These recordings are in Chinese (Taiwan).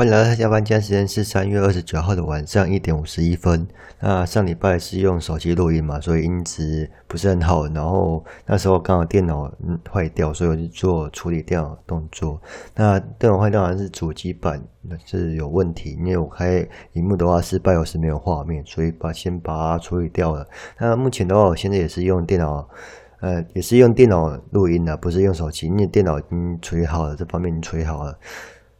歡迎來到下班。今天時間是三月二十九號的晚上一點五十一分。那上禮拜是用手機錄音嘛，所以音質不是很好。然後那時候剛好電腦壞掉，所以我就做處理掉動作。那電腦壞掉好像是主機板、就是有問題，因為我開螢幕的話是半小時沒有畫面，所以把先把它處理掉了。那目前的話，我現在也是用電腦，呃，也是用電腦錄音的，不是用手機，因為電腦已經處理好了，這方面已經處理好了。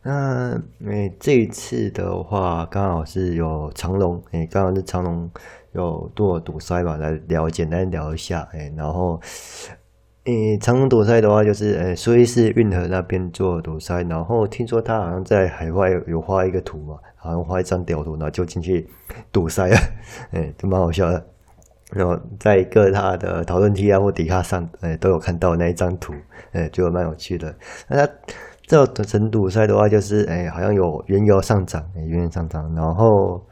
那誒、欸，這一次的話，剛好是有長榮，誒、欸，剛好是長榮有做堵塞嘛，來聊簡單聊一下，誒、欸，然後誒、欸，長榮堵塞的話，就是誒，蘇伊士運河那邊做堵塞，然後聽說他好像在海外有，有畫一個圖嘛，好像畫一張屌圖，然後就進去堵塞誒、欸，就蠻好笑的，然後在各大的討論區啊或底下上，誒、欸，都有看到那一張圖，誒、欸，覺得蠻有趣的，那他。這造成堵塞的話，就是哎、欸，好像有原油上漲、欸，原油上漲，然後，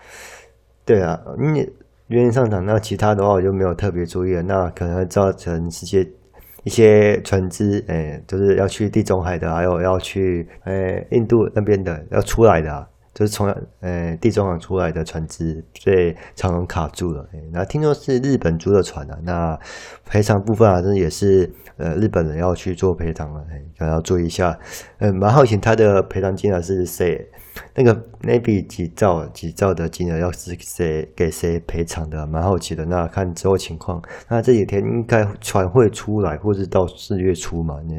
對啊，你原油上漲，那其他的話我就沒有特別注意了。那可能造成一些一些船隻，哎、欸，就是要去地中海的，還有要去哎、欸、印度那邊的要出來的、啊。就是從呃地中海出來的船隻，所以常常卡住了，那聽說是日本租的船吶，那賠償部分啊，這也是呃日本人要去做賠償了，要注意一下。嗯，蠻好奇他的賠償金額是誰？那個那筆幾兆幾兆的金額，要是誰給誰賠償的，啊？蠻好奇的。那看之後情況，那這幾天應該船會出來，或是到四月初嘛？你、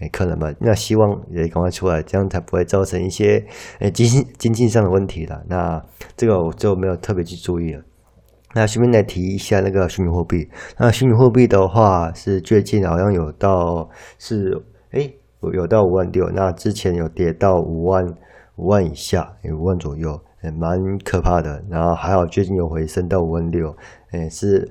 欸、可能吧？那希望也趕快出來，這樣才不會造成一些誒經濟經濟上的問題了。那這個我就沒有特別去注意了。那順便來提一下那個虛擬貨幣。那虛擬貨幣的話，是最近好像有到是誒、欸、有到五萬六，那之前有跌到五萬。五萬以下，五萬左右，哎、蠻可怕的。然後還好，最近有回升到五萬六，哎、是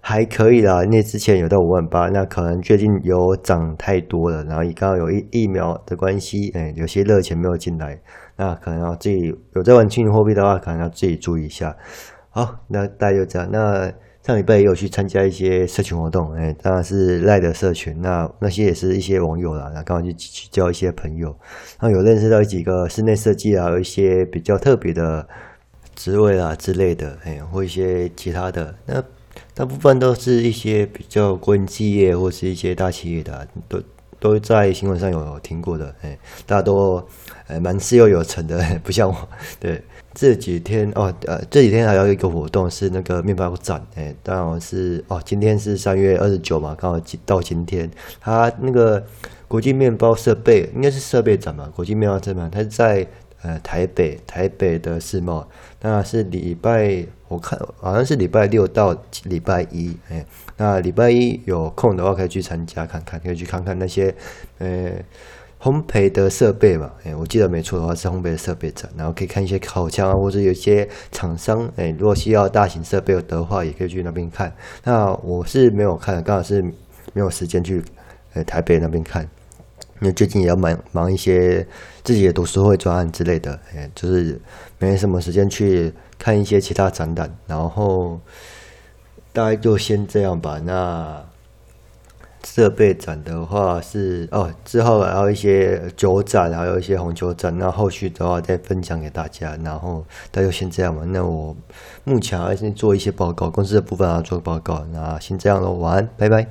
還可以啦。那之前有到五萬八，那可能最近有漲太多了。然後一剛好有疫疫苗的關係、哎，有些熱錢沒有進來，那可能要自己有在玩虛擬貨幣的話，可能要自己注意一下。好，那大家就這樣。那。上禮拜也有去參加一些社群活動，哎、欸，當然是賴的社群。那那些也是一些網友啦，那剛好去去交一些朋友。然後有認識到幾個室內設計啊，有一些比較特別的職位啦之類的，哎、欸，或一些其他的。那大部分都是一些比較公企業或是一些大企業的、啊、都，都在新聞上有聽過的，欸、大家都，蠻、欸、事業有成的、欸，不像我。對，這幾天哦，呃，這幾天還有一個活動是那個麵包展，欸、當然我是哦，今天是三月二十九嘛，剛好到今天，他那個國際麵包設備，應該是設備展吧，國際麵包展嘛，它是在。呃，台北，台北的世貿，那是禮拜，我看我好像是禮拜六到禮拜一，哎，那禮拜一有空的話可以去參加看看，可以去看看那些，呃，烘焙的設備嘛，哎，我記得沒錯的話是烘焙的設備展，然後可以看一些烤箱啊，或者有一些廠商，哎，如果需要大型設備的話，也可以去那邊看。那我是沒有看，剛好是沒有時間去，呃，台北那邊看。因為最近也要忙忙一些自己的讀書會專案之類的，哎、欸，就是沒什麼時間去看一些其他展覽，然後大概就先這樣吧。那設備展的話是，哦，之後還有一些酒展，還有一些紅酒展，那後續的話再分享給大家。然後大家先這樣吧。那我目前還是做一些報告，公司的部分要做個報告。那先這樣嘍，晚安，拜拜。